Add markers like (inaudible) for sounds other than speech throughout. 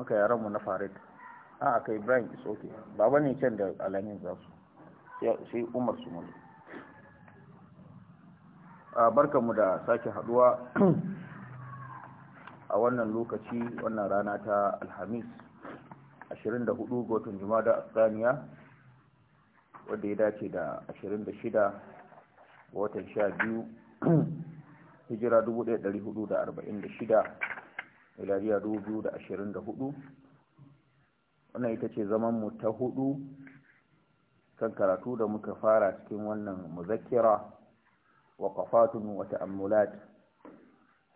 muka yaran mu na farid a aka ibrahim is ok baba ne can da alamin za su sai umar su mu a barkanmu da sake haduwa a wannan lokaci wannan rana ta alhamis 24 ga watan jumada asaniya wadda ya dace da 26 ga watan 12 hijira 1446 miladiya 2024 wannan ita ce zaman mu ta hudu kan karatu da muka fara cikin wannan muzakkira waqafatun wata ta'ammulat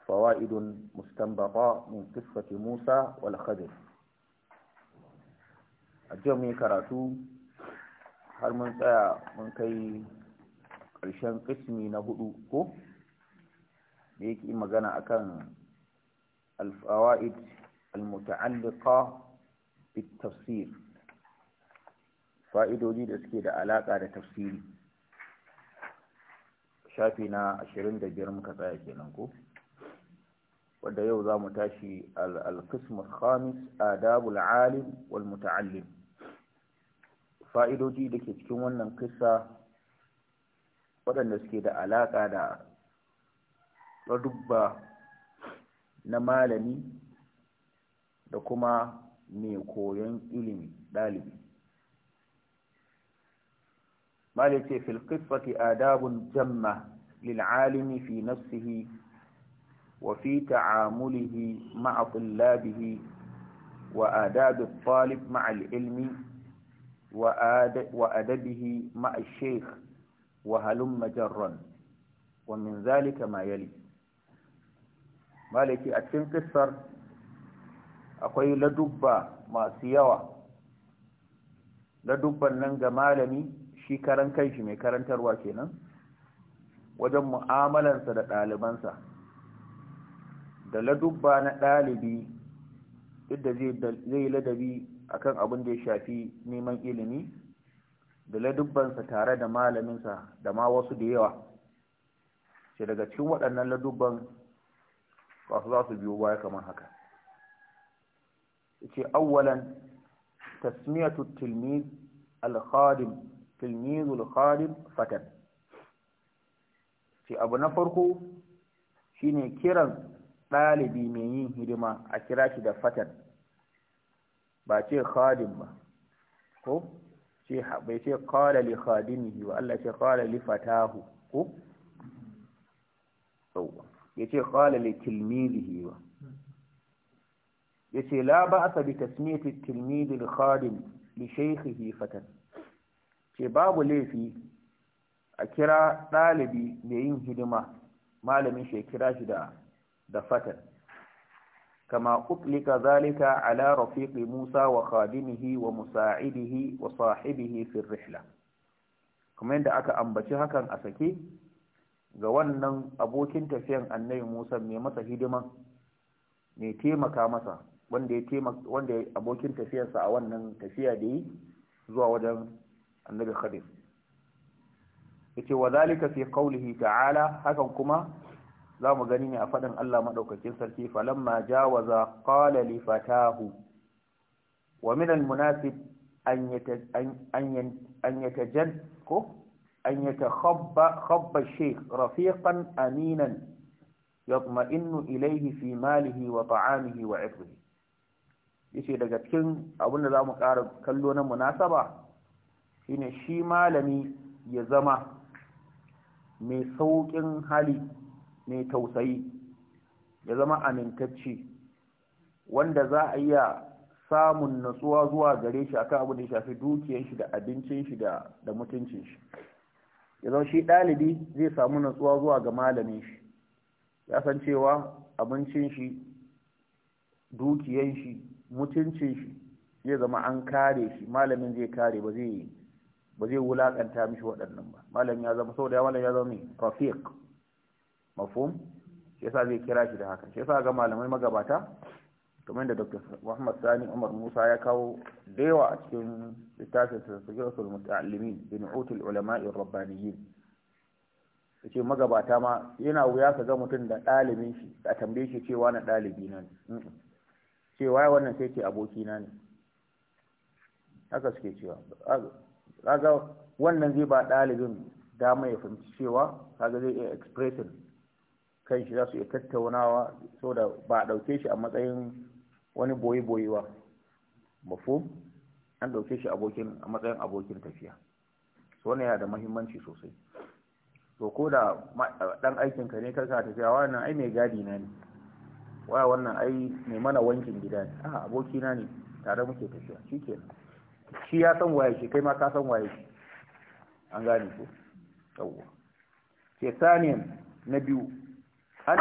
fawaidun mustanbata min qissati Musa wal Khadir a jiya mun karatu har mun tsaya mun kai ƙarshen ƙismi na hudu ko da yake magana akan الفوائد المتعلقة بالتفسير فائدودي da suke da alaka da tafsiri shafi na 25 muka tsaya kenan ko wanda yau zamu tashi al-qism al-khamis adab al-alim wal da ke cikin wannan kisa waɗanda suke da alaƙa da dubba na malami da kuma mai koyon ilimi dalibi malice fil qissati adabun jamma lil alimi fi nafsihi wa fi ta'amulihi ma'a tullabihi wa adabu talib ma'a al-ilmi wa adabihi ma'a al-shaykh wa halumma jarran wa min zalika ma yali Maliki, a cikin kissar akwai ladubba masu yawa ladubban nan ga malami shi karan kanshi mai karantarwa kenan wajen mu'amalansa da ɗalibansa da ladubba na ɗalibi yadda zai ladabi akan abin da ya shafi neman ilimi da ladubbansa tare da malaminsa da ma wasu da yawa shi daga cikin waɗannan ladubban ba za su biyo baya kamar haka ce awwalan tasmiyatu tilmiz al-khadim tilmizul khadim fatan ce abu na farko shine kiran ɗalibi mai yin hidima a kira shi da fatan ba ce khadim ba ko ce bai ce qala li khadimihi ba Allah ce qala li fatahu ko ya ce ƙwala le tilmizihi ba ya ce la ba a sabi khadim li shaikhihi fatan ce babu laifi a kira ɗalibi mai yin hidima malamin shi shida shi da da fatan kama utlika zalika ala rafiqi Musa wa khadimihi wa musa'idihi wa sahibihi fi rihla kuma yadda aka ambaci hakan a sake ga wannan abokin tafiyan annabi Musa mai masa hidima mai taimaka masa wanda ya taimaka wanda abokin tafiyarsa a wannan tafiya da yi zuwa wajen annabi Khadir yace zalika fi qawlihi ta'ala hakan kuma za mu gani ne a faɗin Allah madaukakin sarki falamma jawaza qala li fatahu wa min al-munasib an jan ko أن يتخب خب الشيخ رفيقا أمينا يطمئن إليه في ماله وطعامه وعرضه yace daga cikin abin da za mu ƙara kallo na munasaba shine shi malami ya zama mai sauƙin hali mai tausayi ya zama amintacci wanda za a iya samun natsuwa zuwa gare shi akan abin da ya shafi dukiyar shi da abincin shi da mutuncin shi ya zama shi ɗalibi zai samu natsuwa zuwa ga malamin shi ya san cewa abincin shi dukiyan shi mutuncin shi zai zama an kare shi malamin zai kare ba zai ba zai wulakanta mishi waɗannan ba malam ya zama saboda malam ya zama rafiq mafhum shi yasa zai kira shi da haka shi yasa ga malamai magabata kamar da dr muhammad sani umar musa ya kawo da yawa a cikin littafin sassaƙiratul muta'allimin bin utul ulama'i rabbaniyin yace magabata ma yana wuya ka ga mutum da dalibin shi a tambaye shi cewa na dalibi na ne cewa ya wannan sai ce aboki na ne haka suke cewa kaga wannan zai ba dalibin dama ya fahimci cewa kaga zai iya expressing kan shi za su iya tattaunawa so da ba a shi a matsayin wani boye boyewa mafu? an dauke shi abokin a matsayin abokin tafiya so wannan yana da muhimmanci sosai to ko da dan aikin ka ne karka tafiya wannan ai mai gadi na ne waya wannan ai mai mana wankin gida ne a aboki na ne tare muke tafiya shikenan shi ya san waye shi kai ma ka san waye shi an gane ko yawwa ke saniyan na biyu an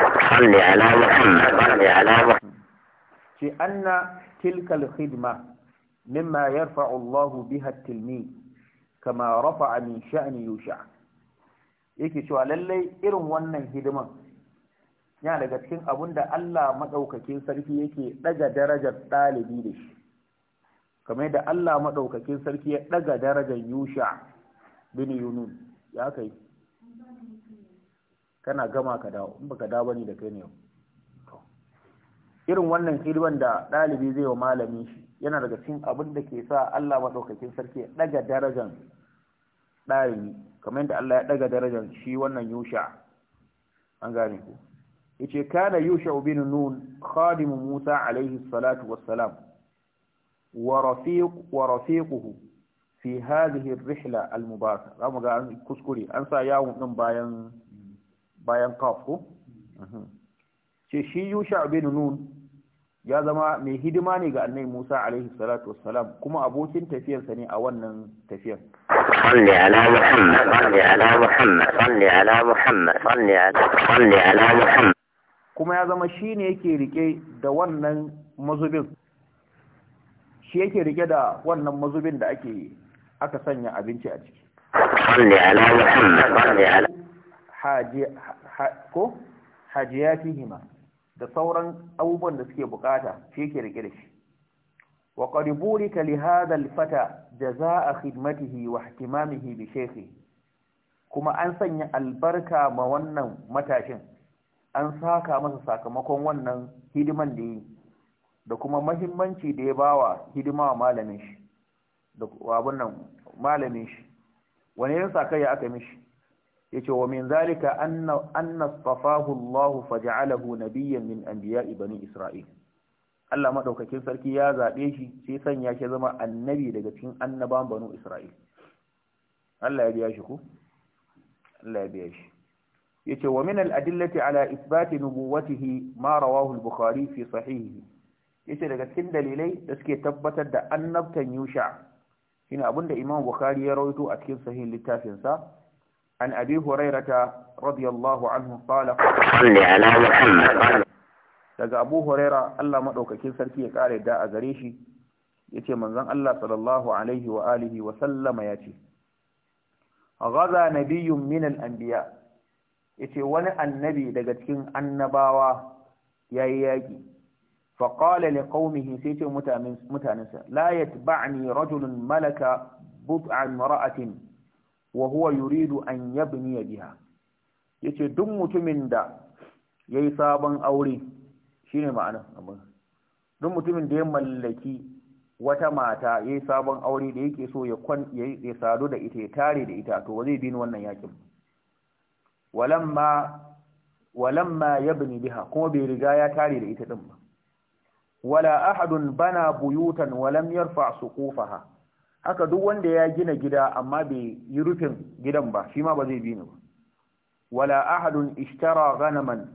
da alama. ce anna tilkal khidma mimma yarfa'u Allahu biha tilmi kama rafa'a min sha'ni yusha yake cewa lallai irin wannan hidiman yana daga cikin abun da Allah madaukakin sarki yake daga darajar ɗalibi da shi kamar da Allah maɗaukakin sarki ya daga darajar yusha bin yunun ya kai kana gama ka dawo in baka dawo ne da kai ne yau irin wannan hidiman da ɗalibi zai wa malami shi yana daga cikin abin da ke sa Allah maɗaukakin sarki ya ɗaga darajan ɗalibi kamar yadda Allah ya ɗaga darajan shi wannan yusha an gane ku ce kana yusha bin nun khadim Musa alaihi salatu wassalam wa rafiq wa rafiquhu fi hadhihi ar-rihla al mu ga an kuskure an sa yawun din bayan bayan kaf ko mm. mhm. ce shi yusha bin nun ya zama mai hidima ne ga annabi Musa alaihi salatu wassalam kuma abokin tafiyarsa ne a wannan tafiyar salli ala muhammad salli ala muhammad salli ala muhammad salli ala salli ala muhammad kuma ya zama shi ne yake rike da wannan mazubin shi yake rike da wannan mazubin da ake aka sanya abinci a ciki salli ala muhammad salli ala haji ko hajiyatihima da sauran abubuwan da suke bukata shi yake rike da shi wa qad burika li hadha al fata jazaa khidmatihi wa ihtimamihi bi shaykhi kuma an sanya albarka ma wannan matashin an saka masa sakamakon wannan hidiman da yi da kuma mahimmanci da ya bawa hidima wa malamin shi da abun nan malamin shi wani yin sakayya aka mishi yace wa min zalika anna anna safahu Allah faj'alahu nabiyyan min anbiya'i bani Isra'il Allah madaukakin sarki ya zabe shi sai sanya shi zama annabi daga cikin annaban banu Isra'il Allah ya biya shi ku? Allah ya biya shi yace wa min al-adillati ala isbati nubuwwatihi ma rawahu al-bukhari fi sahihi yace daga cikin dalilai da suke tabbatar da annabtan Yusha shine abinda Imam Bukhari ya rawaito a cikin sahihin littafinsa عن أبي هريرة رضي الله عنه قال صل على محمد daga Abu Huraira Allah maɗaukakin sarki ya ƙara da a gare shi yace manzon Allah sallallahu alaihi wa alihi wa sallama ce." ghaza nabiyyun min al-anbiya yace wani annabi daga cikin annabawa yayi yaki fa qala li qaumihi sai ce mutanensa mutanansa la yatba'ni rajulun malaka bud'an mara'atin wa huwa yuridu an yabni biha yace duk mutumin da yayi sabon aure shine ma'ana amma duk mutumin da ya mallaki wata mata yayi sabon aure da yake so ya kwan ya sadu da ita ya tare da ita to zai bin wannan yakin walamma walamma yabni biha kuma bai riga ya tare da ita din ba wala ahadun bana buyutan walam yarfa suqufaha haka duk wanda ya gina gida amma bai yi rufin gidan ba shi ma ba zai bi ni ba wala ahadun ishtara ghanaman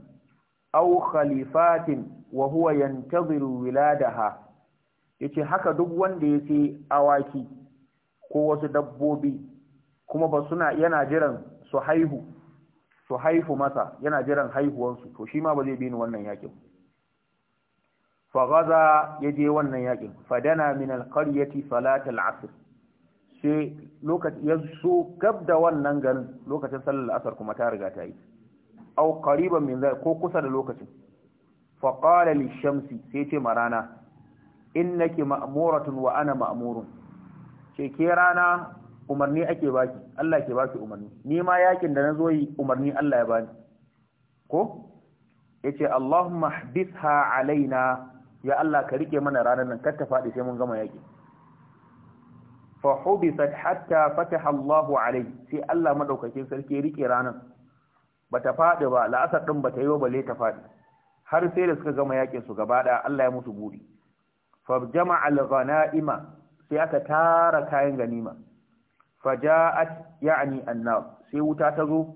aw khalifatin wa huwa yantaziru wiladaha yace haka duk wanda ya sai awaki ko wasu dabbobi kuma ba suna yana jiran su haihu su haihu masa yana jiran haihuwansu to shi ma ba zai bi ni wannan yakin fagaza ya je wannan yakin fadana min alqaryati salat al'asr sai lokaci ya gab da wannan garin lokacin sallar asar kuma ta riga ta yi aw qariban min zai ko kusa da lokacin fa qala lishamsi sai ce marana innaki ma'muratun wa ana ma'murun ce ke rana umarni ake baki Allah ke baki umarni ni ma yakin da nazo yi umarni Allah ya bani ko yace Allahumma hbisha alaina ya Allah ka rike mana ranar nan kar ta faɗi sai mun gama yaƙi fa hubisat hatta fataha Allahu alai sai Allah madaukakin sarki ya rike ranar bata faɗi ba la'asar din bata yi bale ta faɗi har sai da suka gama yaƙin su gaba da Allah ya musu buri fa jama'a al-ghanaima sai aka tara kayan ganima faja'at ya'ni annab sai wuta ta zo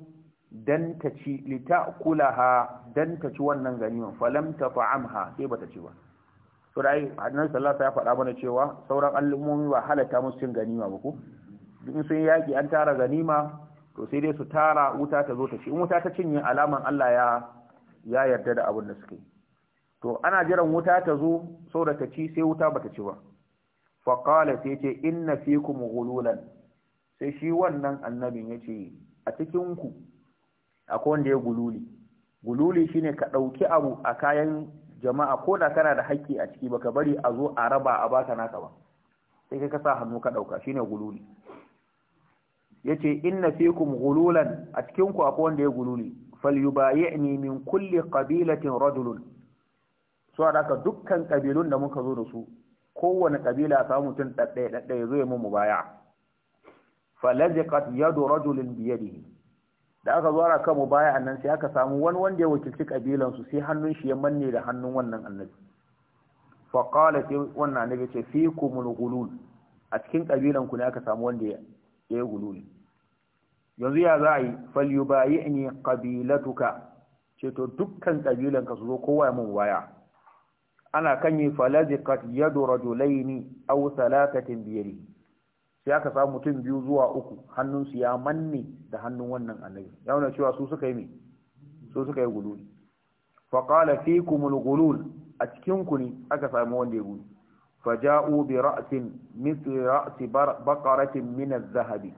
dan ta ci litakulaha dan ta ci wannan ganiman falam tafa'amha sai bata ci ba surai annabi sallallahu alaihi ya faɗa mana cewa sauran al'ummomi ba halatta musu cin ganima ba ko in sun yaki an tara ganima to sai dai su tara wuta ta zo ta ci in wuta ta cinye alaman Allah ya yarda da abin da suke to ana jiran wuta ta zo saboda ta ci sai wuta ba ta ci ba fa qala sai ce inna fikum ghululan sai shi wannan annabin ce, a cikin ku akwai wanda ya gululi gululi shine ka ɗauki abu a kayan jama'a ko da kana da haƙƙi a ciki baka bari a zo a raba a baka naka ba sai kai ka sa hannu ka dauka shine gululi yace inna fikum gululan a cikin ku akwai wanda ya gululi falyubayi'ni min kulli qabilatin rajul so haka dukkan kabilun da muka zo da su kowane kabila ta mutun da ɗaɗɗaya ɗaɗɗaya zo ya mu mubaya falaziqat yadu rajulin yadihi da aka zo ana kan mubaya nan sai aka samu wani wanda ya wakilci kabilan su sai hannun shi ya manne da hannun wannan annabi fa qala sai wannan annabi ce mun gulul a cikin kabilan ku ne aka samu wanda ya yi gulul yanzu ya za a yi falyubayi'ni qabilatuka ce to dukkan kabilan ka su zo kowa ya mun waya ana kan yi falaziqat yadu rajulaini aw salatatin biyadihi sai aka samu mutum biyu zuwa uku hannunsu ya manne da hannun wannan annabi ya wuna cewa su suka yi me su suka yi gululi fa qala fikumul gulul a cikin ku ne aka samu wanda ya gudu fa ja'u bi ra'sin mithli ra'si baqaratin min az-zahabi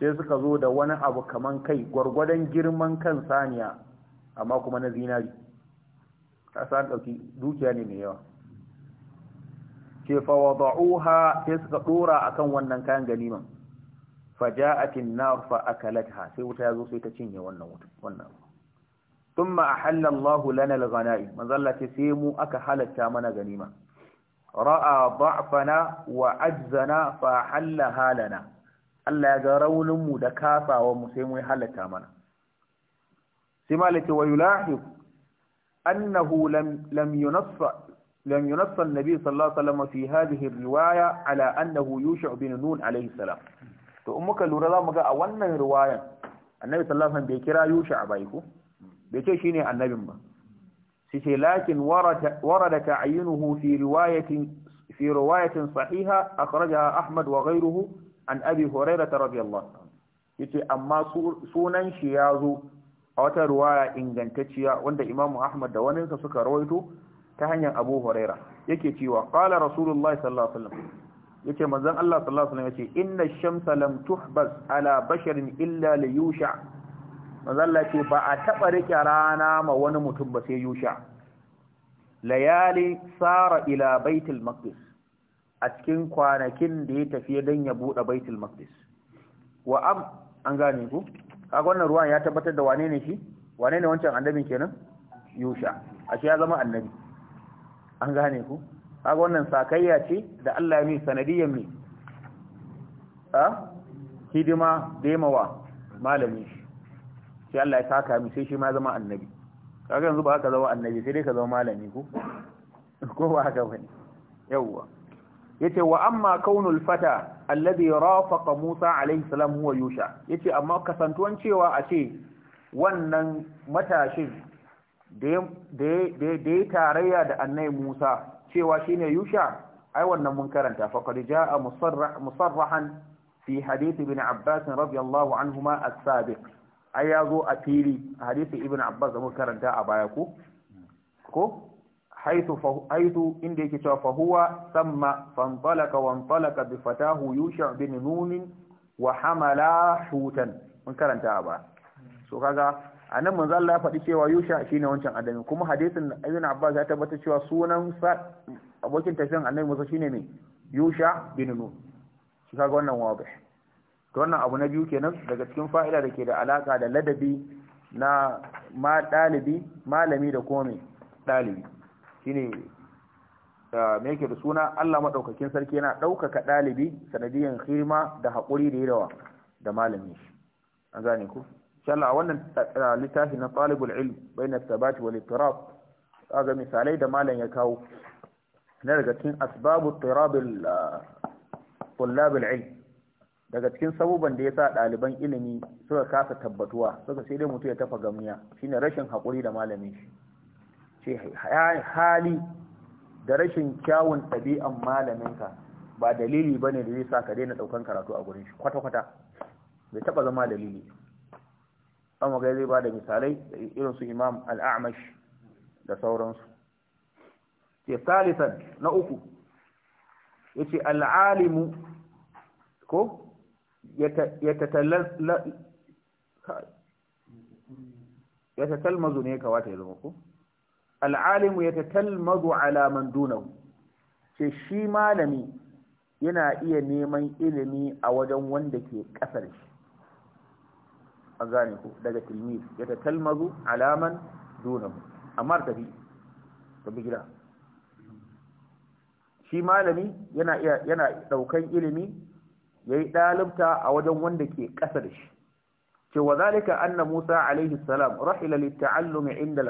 sai suka zo da wani abu kaman kai gwargwadon girman kan saniya amma kuma na zinari ka san dauki dukiya ne mai yawa ce fa sai suka dora akan wannan kayan ganiman faja'atin nar fa akalatha sai wuta yazo sai ta cinye wannan wuta wannan thumma ahalla Allahu lana al-ghanaim manzo Allah ce sai mu aka halatta mana ganima ra'a da'fana wa ajzana fa halla halana Allah ya ga raunin mu da kafawa mu sai mu halatta mana sai malaka wa yulahi annahu lam lam yunassa لم ينص النبي صلى الله عليه وسلم في هذه الرواية على أنه يوشع بن نون عليه السلام to in muka lura za mu ga a wannan riwayan annabi sallallahu bai kira yusha ba ko bai ce shine annabin ba sai ce lakin warada ta'yinuhu fi riwayatin fi riwayatin sahiha akhrajaha ahmad wa ghayruhu an abi hurairah radiyallahu anhu yace amma sunan shi zo a wata riwaya ingantacciya wanda imamu ahmad da waninsa suka rawaito ta hanyar Abu Huraira yake cewa qala Rasulullahi sallallahu alaihi wasallam yake manzon Allah sallallahu alaihi wasallam yace inna shamsa lam tuhbas ala basharin illa li yusha manzon Allah ce ba a taba rike rana ma wani mutum ba sai yusha layali sara ila baitul maqdis a cikin kwanakin da ya tafi dan ya bude baitul maqdis wa am an gane ku kaga wannan ruwan ya tabbatar da wane ne shi wane ne wancan annabin kenan yusha ashe ya zama annabi an gane ku kaga wannan sakayya ce da Allah ya mi sanadiyan mi a hidima da yamawa malami shi sai Allah ya saka mi sai shi ma zama annabi kaga yanzu ba ka zama annabi sai dai ka zama malami ku (laughs) ko ba haka bane yawwa yace wa amma kaunul fata alladhi rafaqa Musa alayhi salam huwa Yusha yace amma kasantuwan cewa a ce wannan matashin da ya tarayya da annai Musa cewa shine Yusha ai wannan mun karanta faqad jaa musarrahan fi hadith bin Abbas radiyallahu anhuma a sabiq ai yazo a fili hadith ibn Abbas da mun karanta a baya ku? ko inda yake cewa fahuwa huwa thumma fanṭalaqa bi fatahu Yusha bin Nun wa hamala hutan mun karanta a baya so kaga a nan manzo Allah ya faɗi cewa Yusha shine wancan adami kuma hadisin Ibn Abbas ya tabbata cewa sunan abokin tafiyan Annabi Musa shine ne Yusha bin Nun shi kaga wannan wabe to wannan abu na biyu kenan daga cikin fa'ida da ke da alaka da ladabi na ma dalibi malami da kome dalibi shine ah, me yake da suna Allah madaukakin sarki yana ɗaukaka dalibi sanadiyan khirma da haƙuri da yawa da malami an gane ku inshallah wannan eh, littafi na talibul ilm na thabati wal littirab kaga misalai da malam ya kawo na daga cikin asbabu tirabil eh, ilm daga cikin sabuban da ya sa ɗaliban ilimi suka kasa tabbatuwa suka sai dai mutu ya tafa gamniya shine rashin haƙuri da malamin shi ce hali da rashin kyawun ɗabi'an malaminka ba dalili bane da zai sa ka daina ɗaukan karatu a gurin shi kwata-kwata bai taɓa zama dalili an wagai zai ba da misalai da irin su imam al'amash da sauransu ke salisan na uku ya ce al'alimu ko ya tatalmazu ne ya kawata ya zama ku al'alimu ya tatalmazu alaman dunan, ce shi malami yana iya neman ilimi a wajen wanda ke ƙasar shi an gane ku daga tilmiz ya ta talmazu alaman dunahu amma tafi bi gida shi malami yana ɗaukan ilimi daukan ilimi yayi dalibta a wajen wanda ke kasa da shi ce wa zalika anna Musa alaihi salam rahila litta'allumi inda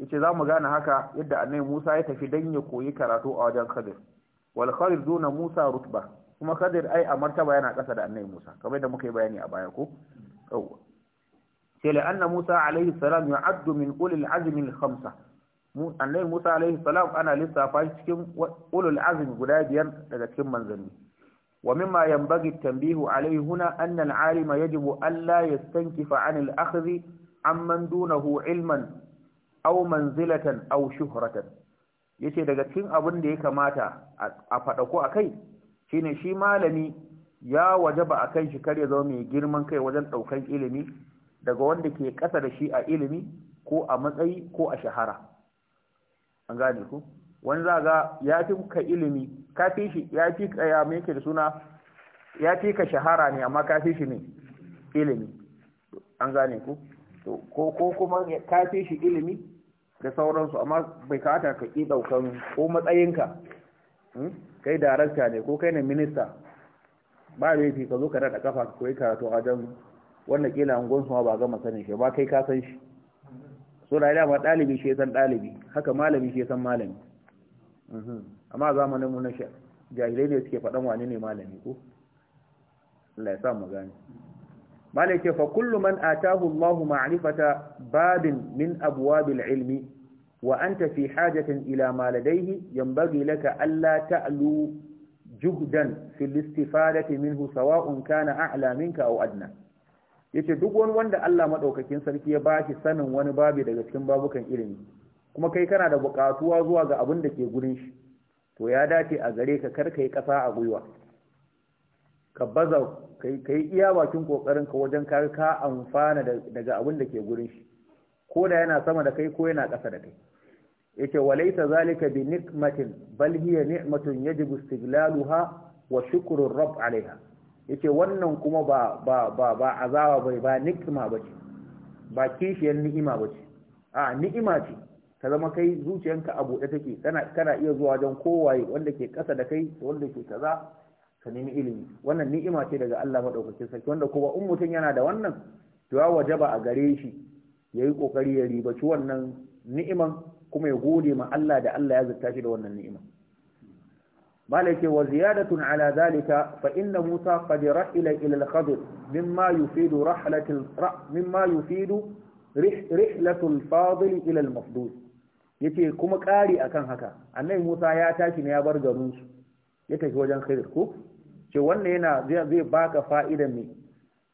Ya ce za mu gane haka yadda annabi Musa ya tafi dan ya koyi karatu a wajen Khadir walkhadir duna Musa rutba kuma Khadir ai a martaba yana ƙasa da annai Musa kamar da muka yi bayani a baya ko ce la'anna Musa alaihi salam yu'addu min ulil azmi hamsa, khamsa annabi Musa alaihi salam ana lissafa cikin ulul azmi guda biyar daga cikin manzanni wa mimma yanbaghi tambihu alaihi huna anna al-alima yajibu allah ya yastankifa an al an amman dunahu ilman au manzilatan au shuhratan yace daga cikin abin da ya kamata a a kai shine shi malami ya waje ba a kan shi kar ya zama mai girman kai wajen ɗaukan ilimi daga wanda ke ƙasa da shi a ilimi ko a matsayi ko a shahara an gane ku wani za ga ya fi ka ilimi ka fi shi ya fi ka ya mai da suna ya fi ka shahara ne amma ka fi shi ne ilimi an gane ku ko ko kuma ka fi shi ilimi da sauransu amma bai kawata ka ƙi ɗaukan ko matsayinka hmm? kai darakta ne ko kai ne minista ba laifi ka zo ka daɗa kafa ka koyi karatu a wajen wanda kila angon su ba gama sanin shi ba kai ka san shi so da dama dalibi shi san dalibi. haka malami shi san malami mhm. amma zamanin mu na jahilai ne suke faɗan wani ne malami ko Allah ya sa mu gane malai ke fa kullu man atahu Allahu ma'rifata babin min abwabil ilmi wa anta fi hajatin ila maladaihi ladayhi yanbaghi laka alla ta'lu جهدا في istifadati minhu سواء كان a'la منك aw adna yace duk wani wanda Allah madaukakin sarki ya bashi sanin wani babu daga cikin babukan ilimi kuma kai kana da bukatuwa zuwa ga abin da ke gurin shi to ya dace a gare ka kar kai kasa a gwiwa ka baza kai kai iya bakin kokarin ka wajen ka amfana daga abin da ke gurin shi ko da yana sama da kai ko yana ƙasa da kai yace walaita zalika bi nikmatin bal hiya ni'matun yajibu istiglaluha wa shukru rabb alaiha yace wannan kuma ba ba ba ba azaba bai ba nikma bace ba kishiyar ni'ima bace a ni'ima ce ka zama kai zuciyarka a buɗe take kana kana iya zuwa don kowaye wanda ke ƙasa da kai wanda ke kaza ka nemi ilimi wannan ni'ima ce daga Allah madaukakin sarki wanda kuma in mutum yana da wannan to ya wajaba a gare shi yayi kokari ya ribaci wannan ni'iman kuma ya gode ma Allah da Allah ya zata shi da wannan ni'ima malaka wa ziyadatun ala zalika fa inna musa qad ra'ila ila al-khadr mimma yufidu rahlatil mimma yufidu rihlatul fadil ila al-mafdud yace kuma ƙari akan haka annabi musa ya tashi ne ya bar garin su ya tafi wajen khidr ku? ce wannan yana zai baka fa'idan me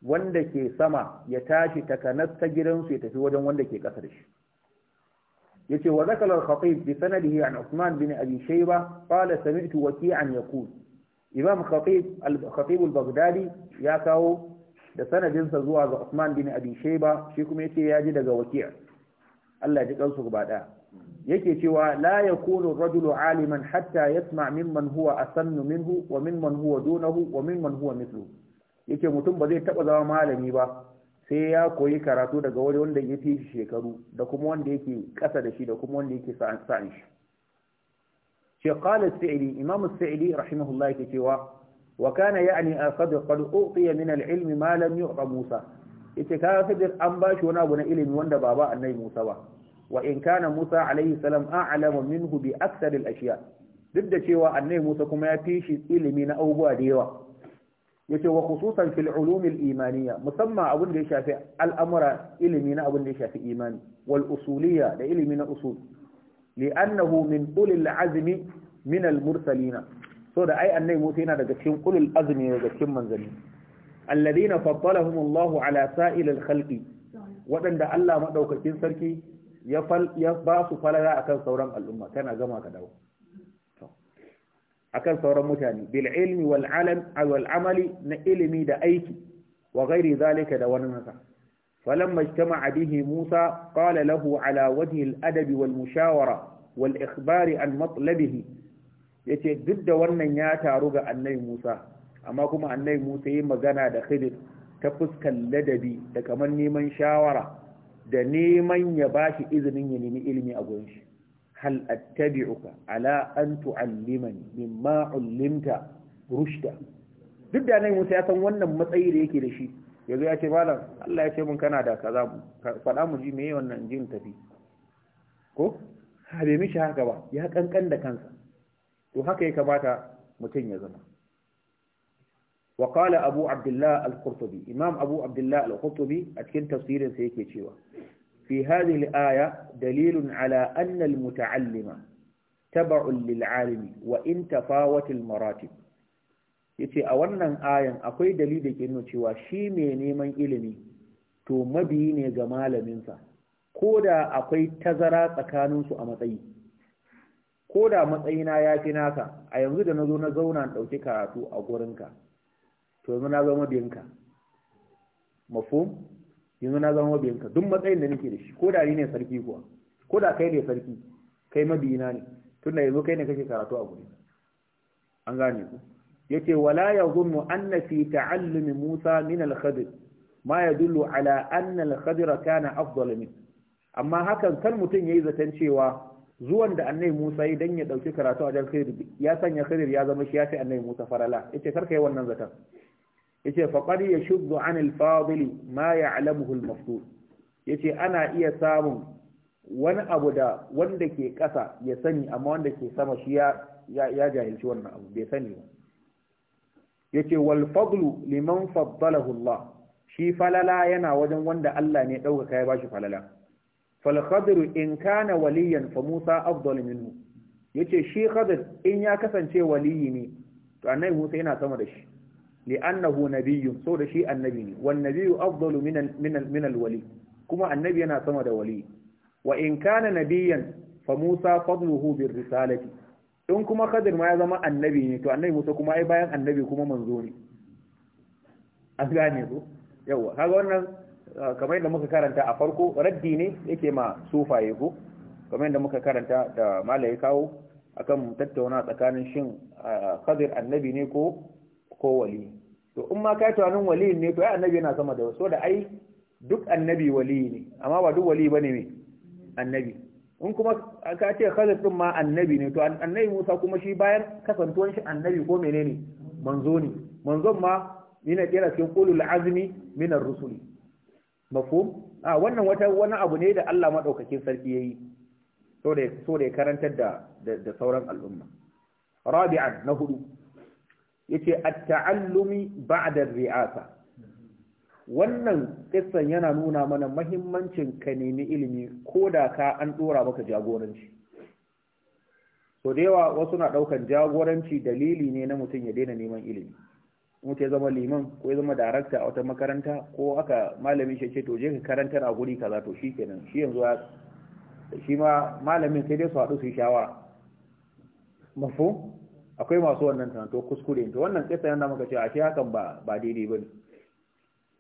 wanda ke sama ya tashi takanas ta gidansu ya tafi wajen wanda ke ƙasar shi yace wa zakala al-khatib bi sanadihi an Uthman bin Abi Shayba qala sami'tu waki'an yaqul Imam Khatib al-Khatib al-Baghdadi ya kawo da sanadinsa zuwa ga Uthman bin Abi Shayba shi kuma yace ya ji daga waki'a Allah ya ji kansu gaba daya yake cewa la yakunu ar-rajulu aliman hatta yasma' mimman huwa asannu minhu wa mimman huwa dunahu wa mimman huwa mithluhu yake mutum ba zai taba zama malami ba sai ya koyi karatu daga wani wanda ya fi shekaru da kuma wanda yake ƙasa da shi da kuma wanda yake sa'an shi shi qala sa'ili imam sa'ili rahimahullah yake cewa wa kana ya'ni al-qadr qad uqiya min al-ilmi ma lam yu'ta Musa yace ka sadir an ba shi wani abu na ilimi wanda ba ba annabi Musa ba wa in kana Musa alayhi salam a'lamu minhu bi akthar al-ashiya duk da cewa annabi Musa kuma ya fi shi ilimi na abubuwa da yawa yace wa khususan fil ulum al imaniya musamman abin da ya shafi al'amura ilimi na abin da ya shafi imani wal usuliyya da ilimi na usul li'annahu min ulil azmi min al mursalina so da ai annai musa yana daga cikin ulul azmi daga cikin manzanni alladhina faddalahum Allah ala sa'il al khalqi wadanda Allah madaukakin sarki ya ya ba su falala akan sauran al'umma kana gama ka dawo akan sauran mutane bil ilmi wal alam wal amali na ilimi da aiki wa ghairi zalika da wani nasa falamma ijtama'a bihi Musa qala lahu ala wajhi al adabi wal mushawara wal ikhbari an matlabihi yace duk da wannan ya taru ga annabi Musa amma kuma annabi Musa yi magana da Khidir ta fuskan ladabi da kamar neman shawara da neman ya bashi izinin ya nemi ilimi a gurin shi hal attabi'uka ala an tu'allimani mimma ullimta rushda duk da nan Musa ya san wannan matsayi da yake da shi yanzu ya ce malam Allah ya ce mun kana da kaza faɗa mu ji meye wannan jin tafi ko ha bai mishi haka ba ya kankan da kansa to haka ya kamata mutum ya zama wa qala abu abdullah al-qurtubi imam abu abdullah al-qurtubi a cikin tafsirin sa yake cewa في هذه الآية دليل على أن المتعلم تبع للعالم وإن تفاوت المراتب yace a wannan ayan akwai dalili da ke nuna cewa shi mai neman ilimi to mabiyi ne ga malaminsa ko da akwai tazara tsakaninsu a matsayi ko da matsayina ya fi naka a yanzu da na zo na zauna ɗauki karatu a gurinka to yanzu na zama biyinka mafum yanzu na zama mabiyanka duk matsayin da nake da shi ko da ni ne sarki kuwa ko da kai ne sarki kai mabiyina ne tunda yanzu kai ne kake karatu a guri an gane ku yace wala yazunnu anna fi ta'allumi Musa min al khidr ma yadullu ala anna al khidr kana afdal min amma hakan kan mutun yayi zaton cewa zuwan da annabi Musa yi dan ya dauki karatu a jar ya sanya Khidr ya zama shi ya fi annabi Musa farala yace karka yi wannan zaton yace faqad yashuddu an al-fadil ma ya'lamuhu al-mafdud yace ana iya samun wani abu da wanda ke ƙasa ya sani amma wanda ke sama shi ya ya jahilci wannan abu bai sani ba yace wal fadlu liman faddalahu Allah shi falala yana wajen wanda Allah ne ɗaukaka ba shi falala fal in kana waliyan fa Musa afdal minhu yace shi khadr in ya kasance waliyi ne to annabi Musa yana sama da shi li'annahu nabiyyun so da shi annabi ne wan nabiyyu afdalu min wali kuma annabi yana sama da wali wa in kana nabiyyan fa Musa fadluhu bir risalati in kuma Khadir ma ya zama annabi ne to annabi Musa kuma ai bayan annabi kuma ne an gane yawa kaga wannan ah, kamar yadda muka karanta a farko raddi ne yake ma sufaye ko kamar yadda muka karanta da malai kawo akan tattauna tsakanin shin ah, Khadir annabi ne ko ko wali to in ma kai tunanin wali ne to ai annabi yana sama da wasu da ai duk annabi wali ne amma ba duk wali bane me annabi in kuma ka ce khalid din ma annabi ne to annabi Musa kuma shi bayan kasantuwan shi annabi ko menene manzo ne manzon ma yana kira cikin qulul azmi min ar-rusul mafhum a wannan wata wani abu ne da Allah madaukakin sarki yayi so da so da karantar da da sauran al'umma rabi'an na hudu yace at-ta'allumi ba'da riasa wannan kissan yana nuna mana mahimmancin ka nemi ilimi ko da ka an dora maka jagoranci so da yawa wasu na daukan jagoranci dalili ne na mutum ya daina neman ilimi mutum ya zama liman ko ya zama darakta a wata makaranta ko aka malami shi ce to je ka karantar a guri kaza to shikenan shi yanzu shi ma malamin sai dai su haɗu su yi shawara mafo akwai masu wannan tanto kuskure to wannan kisa yana maka cewa ashe hakan ba ba daidai bane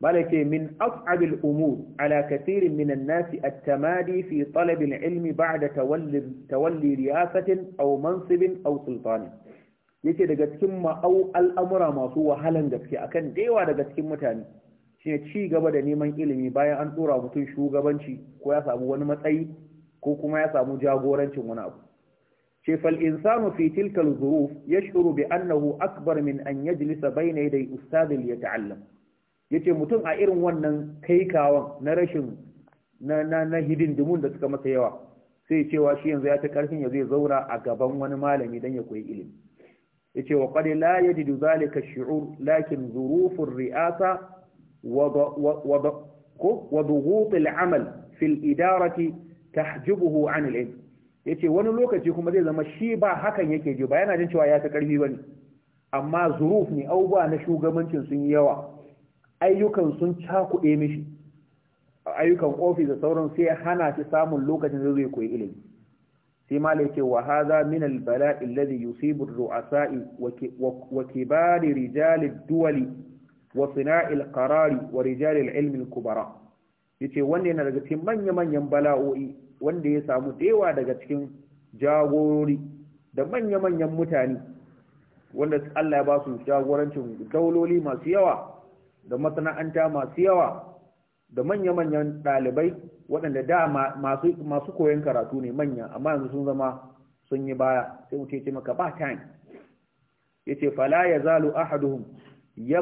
malaka min as'ab al-umur ala kathirin min an-nas at-tamadi fi talab al-ilm ba'da tawalli tawalli riyasatin aw mansibin aw sultanin yake daga cikin ma'au al'amura masu wahalan gaske akan dewa daga cikin mutane shine ci gaba da neman ilimi bayan an tsora mutum shugabanci ko ya samu wani matsayi ko kuma ya samu jagorancin wani abu فالإنسان في تلك الظروف يشعر بأنه أكبر من أن يجلس بين يدي أستاذ ليتعلم يتي متون أئرن ونن كيكاوا نرشن نا نا هيدين دمون دسكا مسيوا سي تيوا شي ينزي أتكارفين يزي زورا أقبان ونمالا ميدان يكوي إلم يتي وقد لا يجد ذلك الشعور لكن ظروف الرئاسة وضغوط العمل في الإدارة تحجبه عن العلم yace wani lokaci kuma zai zama shi ba hakan yake ji ba yana jin cewa ya ta karfi ne. amma zuruf ne abubuwa na shugabancin sun yi yawa ayyukan sun cakuɗe mishi ayyukan ofis da sauran sai hana shi samun lokacin da zai koyi ilimi sai ma ce wa hadha min al bala'i alladhi yusibu ruasai wa kibari rijal duwali wa sina'i al wa rijal ilmin kubara yace wannan yana daga cikin manya-manyan bala'o'i wanda ya samu dewa daga cikin jagorori da manya-manyan mutane wanda Allah ya ba su jagorancin dauloli masu yawa da masana'anta masu yawa da manya-manyan ɗalibai waɗanda da masu koyon karatu ne manya amma yanzu sun zama sun yi baya sai wuce ce maka ba Ya ce, fala yazalu ahaduhum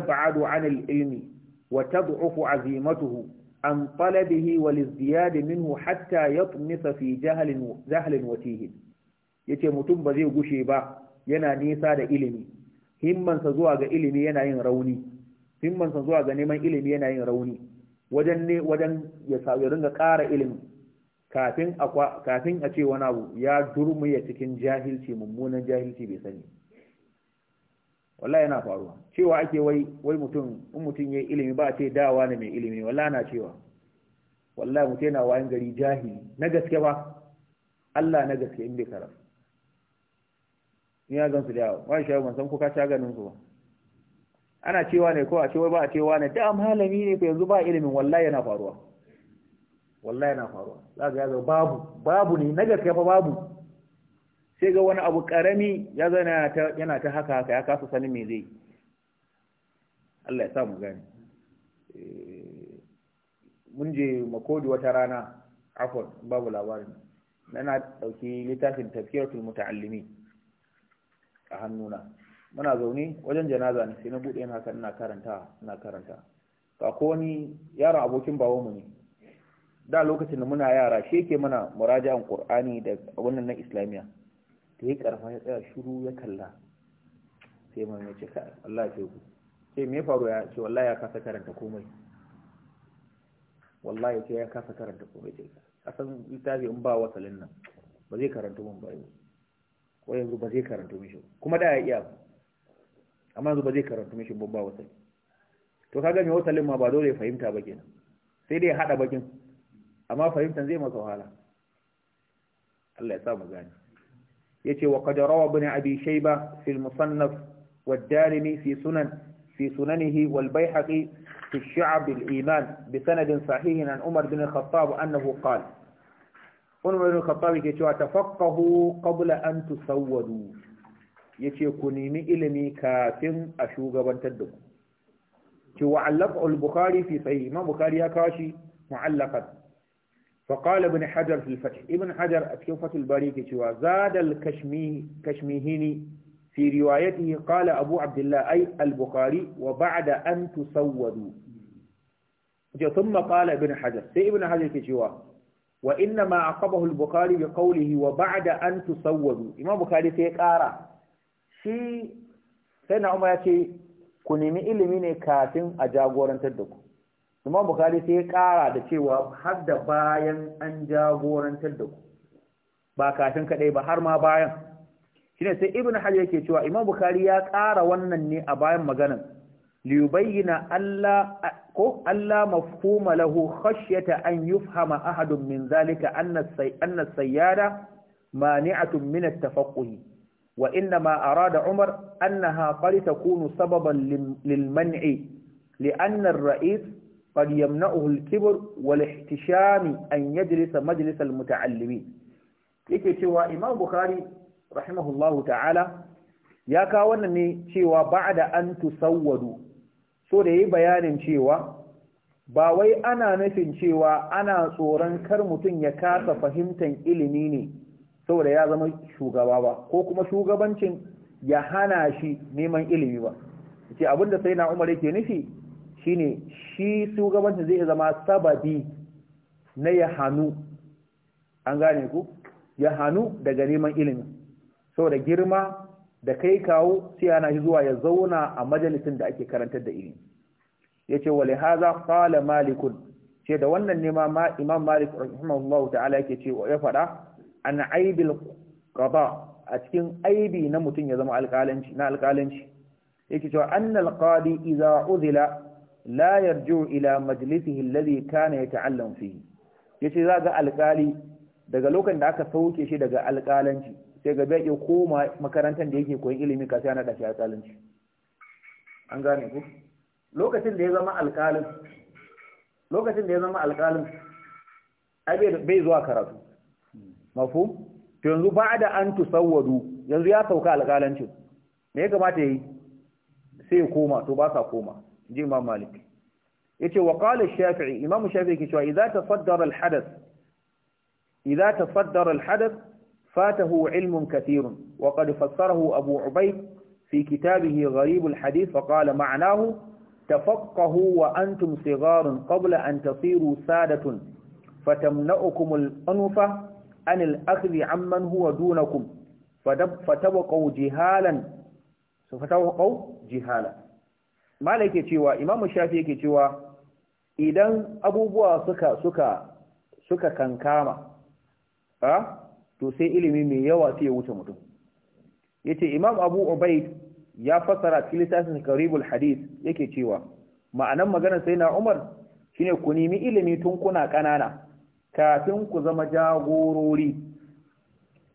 ba'adu 'anil ilmi wa tad'ufu 'azimatuhu an talabihi wal izdiyad minhu hatta yatmisa fi jahlin jahlin watihin yace mutum ba zai gushe ba yana nisa da ilimi himmansa zuwa ga ilimi yana yin rauni himmansa zuwa ga neman ilimi yana yin rauni wajen ne wajen ya sauya ringa ƙara ilimi kafin a kafin a ce wani abu ya ya cikin jahilci mummunan jahilci bai sani wallahi yana faruwa cewa ake wai wai mutum in mutum yayi ilimi ba a ce dawa ne mai ilimi wallahi na cewa wallahi mutum yana wayan gari jahili na gaske ba Allah na gaske in bai karatu ni ya gansu da yawa shi ban san ko ka sha ganin su ba ana cewa ne ko a cewa ba a cewa ne da malami ne ko yanzu ba ilimin wallahi yana faruwa wallahi yana faruwa zaka ga babu babu ne na gaske fa babu sai ga wani abu karami ya zana yana ta haka haka ya kasa sanin me zai Allah ya sa mu gani eh, mun je makodi wata rana afon babu labarin na dauki littafin tafiyartul muta'allimi a hannuna muna zaune wajen janaza ne sai na buɗe yana haka ina karanta ina karanta ka ko wani yaron abokin mu ne da lokacin da muna yara shi yake mana muraja'an qur'ani da wannan na islamiyya ya yi karfa ya tsaya shuru ya kalla sai man ya ce ka Allah ce ku sai me faru ya ce wallahi ya kasa karanta komai wallahi ce ya kasa karanta komai ce a san littafi in ba wasalin nan ba zai karanta mun ba yau ko yanzu ba zai karanta mishi kuma da ya iya amma yanzu ba zai karanta mishi ba wasali to kaga me wasalin ma ba dole ya fahimta ba kenan sai dai ya hada bakin amma fahimtan zai masa wahala Allah ya sa mu gani yace wa qad rawa ibn abi shayba fi musannaf wa dalimi fi sunan sunanihi wal bayhaqi fi ash iman bi sanadin sahih an umar bin al-khattab annahu qala umar bin khattab yace wa tafaqqahu qabla an tusawwadu yace ku nemi ilimi kafin a shugabantar da ku ce wa'allaka al-bukhari fi sahih imam bukhari ya kawo shi mu'allaqan فقال ابن حجر في الفتح ابن حجر أتكين فتح الباري كشوى زاد الكشمي كشميهيني في روايته قال أبو عبد الله أي البخاري وبعد أن تسودوا ثم قال ابن حجر سي ابن حجر كشوى وإنما عقبه البخاري بقوله وبعد أن تسودوا إمام بخاري سيكارا شي سيدنا عمر يقول ku nemi ilimi ne kafin a jagorantar da ku imam bukhari sai ya kara da cewa har da bayan an jagorantar da ku ba kafin kadai ba har ma bayan shine sai Ibn hajar yake cewa imam bukhari ya kara wannan ne a bayan maganan li yubayyana alla ko allah mafhuma lahu khashyata an yufhama ahadun min zalika anna sayyada mani'atun min at wa inna ma arada umar annaha qad takunu sababan lil man'i لأن Rais. قد يمنعه الكبر والاحتشام أن يجلس مجلس المتعلمين yake cewa Imam Bukhari rahimahullahu ta'ala ya kawo wannan ne cewa ba'da an tusawwadu so da yayi bayanin cewa ba wai ana nufin cewa ana tsoron kar mutum ya kasa fahimtar ilimi ne saboda ya zama shugaba ba ko kuma shugabancin ya hana shi neman ilimi ba yace abinda sai na Umar yake nufi shine shi shugabanci zai zama sababi na ya hannu an gane ku ya hannu daga neman ilimi saboda girma da kai kawo sai ana shi zuwa ya zauna a majalisin da ake karantar da ilimi yace wali hadha qala malikun ce da wannan nema ma imam malik rahimahullahu ta'ala yake ce ya fada an aibil qada a cikin aibi na mutum ya zama alƙalanci na alƙalanci yake cewa annal qadi idza uzila la yarju ila majlisihi alladhi kana yata'allam fihi yace za ga alƙali daga lokacin da aka sauke shi daga alƙalanci sai ga bai koma makarantar da yake koyi ilimi ka sai ana dashi alƙalanci an gane ku lokacin da ya zama alƙalin lokacin da ya zama alƙalin ai bai zuwa karatu mafhum to yanzu ba da an tusawwadu yanzu ya sauka alƙalancin me ya kamata yayi sai ya koma to ba sa koma دي امام مالك يتي وقال الشافعي امام الشافعي كشوا اذا تصدر الحدث اذا تصدر الحدث فاته علم كثير وقد فسره ابو عبيد في كتابه غريب الحديث فقال معناه تفقهوا وانتم صغار قبل ان تصيروا ساده فتمنعكم الانفه عن الاخذ عمن هو دونكم فتبقوا جهالا فتبقوا جهالا mala yake cewa imam shafi yake cewa idan abubuwa suka suka suka kankama a to sai ilimi mai yawa sai ya wuce mutum yace imam abu ubaid ya fassara cikin karibul hadith yake cewa ma'anan maganar sai na umar shine ku nemi ilimi tun kuna kanana kafin ku zama jagorori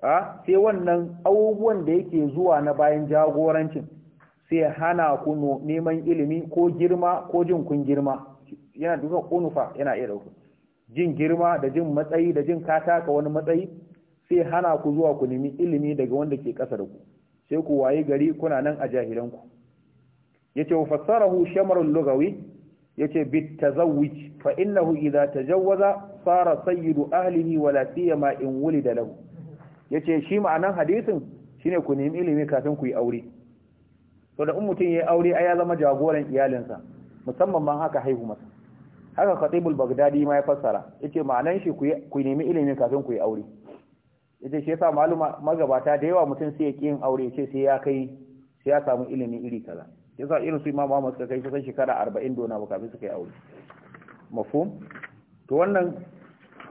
a sai wannan abubuwan da yake zuwa na bayan jagorancin sai hana ku neman ilimi ko girma ko jin kun girma yana duka kunufa yana iya dauka jin girma da jin matsayi da jin kata ka wani matsayi sai hana ku zuwa ku nemi ilimi daga wanda ke ƙasa da ku sai ku waye gari kuna nan a jahilanku yace wa fassarahu shamarul lugawi yace bit tazawwuj fa innahu idha tajawwaza sara sayyidu ahlihi wala siyama in wulida lahu yace shi ma'anan hadisin shine ku nemi ilimi kafin ku yi aure so da in mutum ya aure ai ya zama jagoran iyalinsa musamman man haka haihu masa haka khatibul bagdadi ma ya fassara ce ma'anan shi ku nemi ilimin kafin ku yi aure yace shi yasa maluma magabata da yawa mutum sai ya yin aure yace sai ya kai sai ya samu ilimi iri kaza yasa irin su ma Ahmad suka kai kusan shekara 40 dona ba kafin su kai aure mafhum to wannan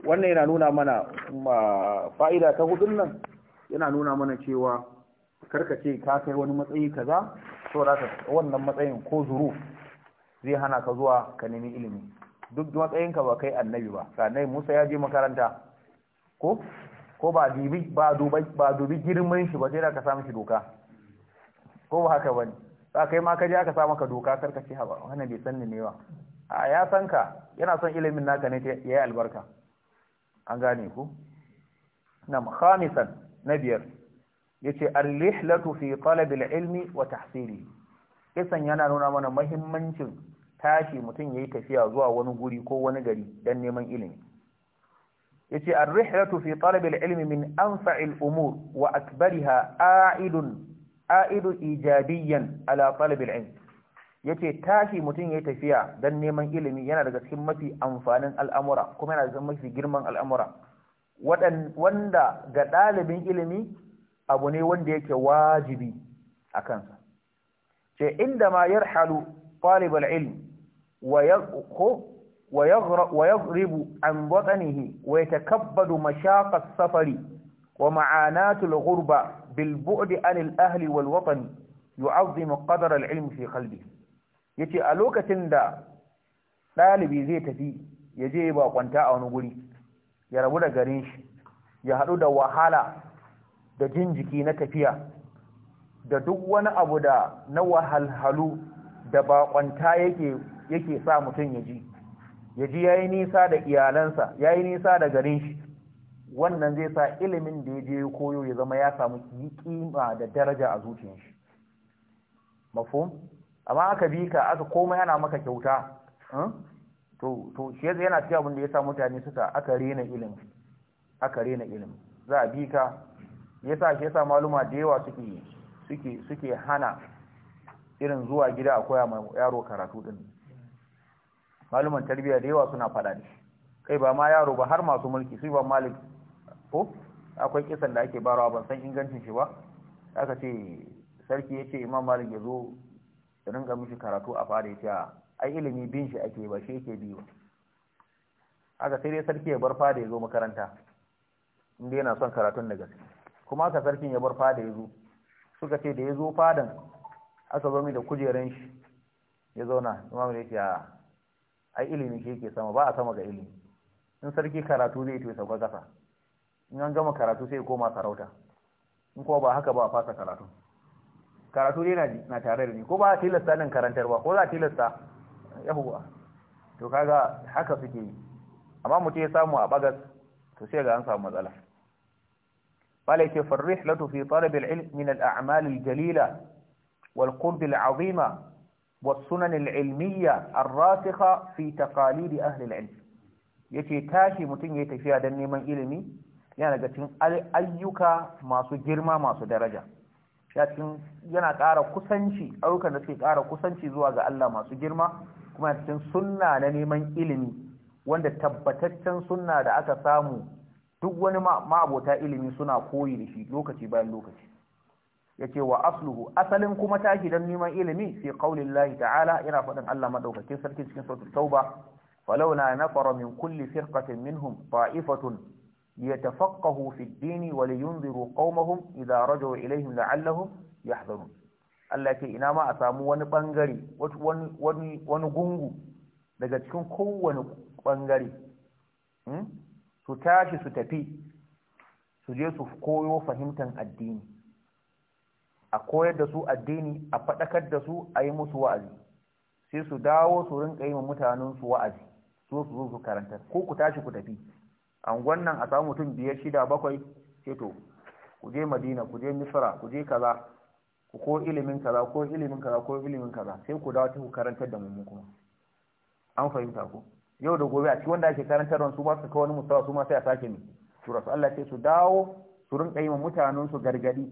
wannan yana nuna mana fa'ida ta hudun nan yana nuna mana cewa karkace ka kai wani matsayi kaza so da wannan matsayin ko zuru zai hana ka zuwa ka nemi ilimi duk matsayinka ba kai annabi ba nai Musa ya je makaranta ko ko ba dubi ba dubi ba dubi girman shi ba sai da ka samu shi doka ko ba haka bane ba kai ma ka je aka samu ka doka kar ka ce ha ba wannan bai san ne ba a ya san ka yana son ilimin naka ne yayi albarka an gane ku na khamisan na biyar yace al-lihlatu fi talab al-ilmi wa tahsili kisan yana nuna mana muhimmancin tashi mutum yayi tafiya zuwa wani guri ko wani gari dan neman ilimi yace ar-rihlatu fi talab al-ilmi min anfa'i al-umur wa akbariha a'idun a'idu ijabiyan ala talab al-ilm yace tashi mutum yayi tafiya dan neman ilimi yana daga cikin mafi amfanin al'amura kuma yana da mafi girman al'amura wanda ga ɗalibin ilimi abu ne wanda yake wajibi a kansa ce inda ma yarhalu talib al-ilm wa yaqu wa yaghribu an watanihi wa yatakabbadu mashaqa as-safari wa ma'anat al-ghurba bil bu'd an al-ahli wal watan yu'azzimu qadar al-ilm fi qalbihi yace a lokacin da dalibi zai tafi yaje ba kwanta a wani guri ya rabu da garin shi ya hadu da wahala da jin jiki na tafiya da duk wani abu da na wahalhalu da bakwanta yake yake sa mutum ya ji ya ji yayi nisa da iyalansa yayi nisa da garin shi wannan zai sa ilimin da ya je koyo ya zama ya samu kima da daraja a zuciyar shi mafhum amma aka bi ka aka komai ana maka kyauta hmm? to shi yana cikin abin da ya sa mutane suka aka rena ilimi za a bi ka yasa ke sa maluma da yawa suke suke suke hana irin zuwa gida a koya mai yaro karatu din maluman tarbiyya da yawa suna fada ne kai ba ma yaro ba har masu mulki su ba malik ko akwai kisan da ake barawa ban san ingancin shi ba aka ce sarki yace imam malik ya zo ya rinka mishi karatu a fara yace ah, ai ilimi bin shi ake ba shi yake biyo aka sai dai sarki ya bar fada ya zo makaranta inda yana son karatun da gaske kuma aka sarkin ya bar fada ya zo suka ce da ya zo fadan aka zo mai da kujeran shi ya zauna imamu ne ce a ai ilimi shi yake sama ba a sama ga ilimi in sarki karatu zai to sauka kasa in an gama karatu sai koma sarauta in kuma ba haka ba a fasa karatu karatu dai na tare da ni ko ba a tilasta nan karantar ba ko za a tilasta yahuwa to kaga haka suke yi amma mutum ya samu a bagas to sai ga an samu matsala قال يتف الرحلة في طلب العلم من الأعمال الجليلة والقرب العظيمة والسنن العلمية الراسخة في تقاليد أهل العلم tashi تاشي متن يتفيا دني من إلمي yana ga cikin ayyuka masu girma masu daraja cikin yana ƙara kusanci ayyukan da suke ƙara kusanci zuwa ga Allah masu girma kuma cikin sunna na neman ilimi wanda tabbataccen sunna da aka samu duk wani ma'abota ilimi suna koyi da shi lokaci bayan lokaci yace wa asluhu asalin kuma tashi dan neman ilimi fi lahi ta'ala yana faɗin Allah madaukakin sarki cikin suratul tauba na nafara min kulli firqatin minhum ta'ifatun Ya fi ad-din wa liyunziru qaumahum idha da ilayhim ya yahdharun Allah ce ina ma a samu wani bangare wani gungu daga cikin kowane bangare hmm? su tashi su tafi su je su koyo fahimtar addini a koyar da su addini a faɗakar da su a yi musu wa'azi sai su dawo su rinka yi wa mutanen su wa'azi so su zo su karanta ko ku tashi ku tafi an gwannan a samu mutum biyar shida bakwai sai to ku je madina ku je misra ku je kaza ku ko ilimin kaza ko ilimin kaza ko ilimin kaza sai ku dawo ta ku karanta da mu kuma an fahimta ku yau da gobe a cikin wanda ake karantar su ba su kawo wani mustawa su ma sai a sake ni. Su rasu Allah ce su dawo su rinka yi mutanen su gargadi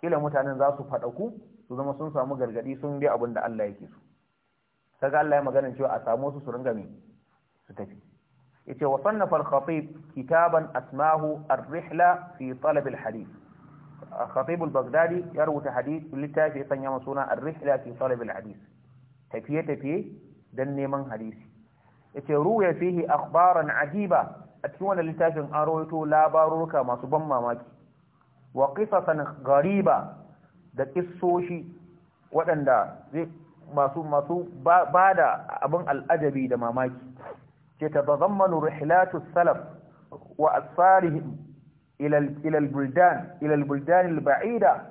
kila mutanen za su faɗaku su zama sun samu gargadi sun bi abin da Allah yake so kaga Allah ya magana cewa a samu su su ringa su tafi yace wa sannafa al-khatib kitaban asmahu ar-rihla fi talab al-hadith al-baghdadi ya rubuta hadith littafi sanya masa suna ar-rihla fi talab al-hadith tafiye tafiye don neman hadisi روى فيه أخبارا عجيبة أتوانا لتاجن أرويتو لا باروكا ما سبما ماك وقصصا غريبة دا كسوشي ودن دا ما سبما بعد أبن الأدبي دا ما ماك تتضمن رحلات السلف وأصالهم إلى البلدان إلى البلدان البعيدة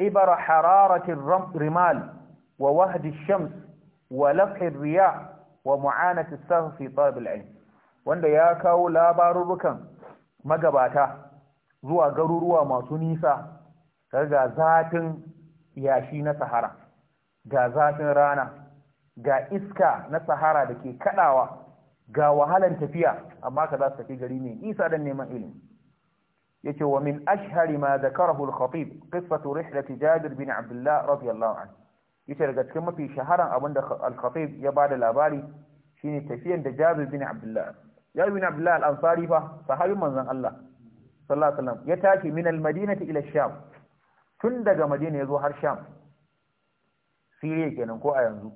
إبر حرارة الرمال ووهد الشمس ولفح الرياح wa mu'anati sahf fi talab al-ilm wanda ya kawo labarurukan magabata zuwa garuruwa masu nisa ga zafin yashi na sahara ga zafin rana ga iska na sahara da ke kadawa ga wahalan tafiya amma ka za su tafi gari mai isa dan neman ilimi yace wa min ashhari ma zakarahu al-khatib qissatu rihlati jabir bin abdullah radiyallahu anhu yace daga cikin mafi shaharan abinda al-khatib ya bada labari shine tafiyan da Jabir bin Abdullah Jabir bin Abdullah al-Ansari fa sahabin manzon Allah sallallahu alaihi wasallam ya tashi min al-Madinati ila Sham tun daga Madina yazo har Sham Siriya kenan ko a yanzu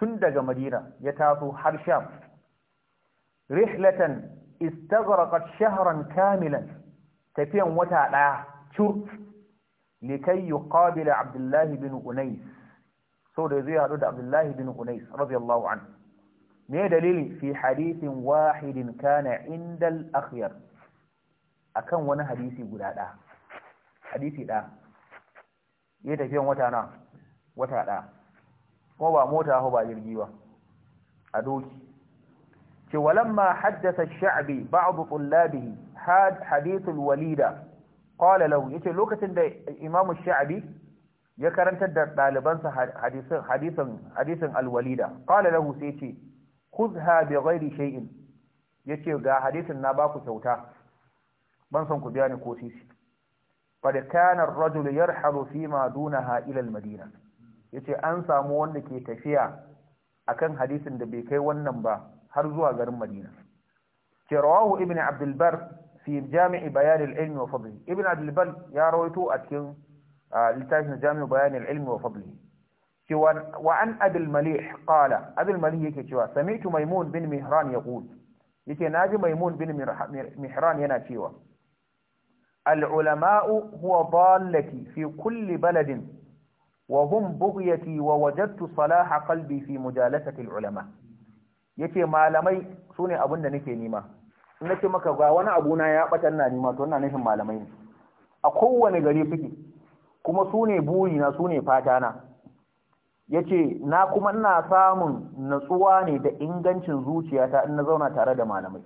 tun daga Madina ya taso har Sham rihlatan istaghraqat shahran kamilan tafiyan wata daya cur likai yuqabila Abdullah bin Unais saboda zai haɗu da abdullahi bin unais radiyallahu an me dalili fi hadithin wahidin kana indal akhyar akan wani hadisi guda ɗaya hadisi ɗaya ya tafiyan wata na wata ɗaya kuma ba mota ba jirgi ba a doki ce walamma haddasa sha'bi ba'd tullabihi had hadithul walida qala lahu yace lokacin da imamu sha'bi ya karantar da ɗalibansa hadisin hadisin alwalida qala lahu sai ce khudha bi ghairi shay'in yace ga hadisin na baku kyauta ban san ku biya ni ko sisi qad kana ar-rajulu yarhalu fi ma dunaha ila al-madina yace an samu wanda ke tafiya akan hadisin da bai kai wannan ba har zuwa garin Madina ce rawahu ibn Abdulbar Bar fi jami' bayan al-ilm wa fadl ibn Abdul Bar ya rawaito a cikin a littafin jami'u bayanin ilmi wa fadli cewa wa an abul qala abul yake cewa sami'tu maimun bin mihran Yace yake naji maimun bin mihran yana cewa al ulama'u huwa dallati fi kulli baladin wa hum bughyati wa wajadtu salaha qalbi fi mujalasati al ulama yace malamai sune abin nake nima in nace maka ga wani abu na ya batan na nima to ina nufin malamai ne a kowane gari suke kuma su ne burina su ne fatana ya ce na kuma ina samun natsuwa ne da ingancin zuciyata in na zauna tare da malamai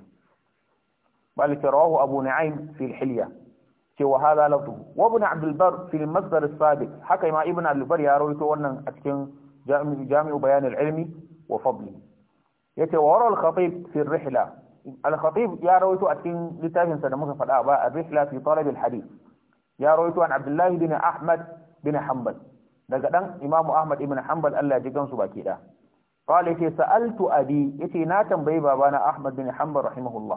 balikirahu abu na'im fil hilya ce wa hada lafzu wa ibn abdul bar fil masdar sabiq haka ma ibn abdul ya rawaito wannan a cikin jami'u bayanin al-ilmi wa Ya ce wa wara al-khatib fi rihla al-khatib ya rawaito a cikin littafinsa da muka faɗa ba a rihla fi talab al-hadith ya rawaito an abdullahi bin ahmad bin hanbal daga dan imamu ahmad ibn hanbal Allah ya ji gansu baki da qala yace sa'altu abi yace na tambayi babana ahmad bin hanbal rahimahullah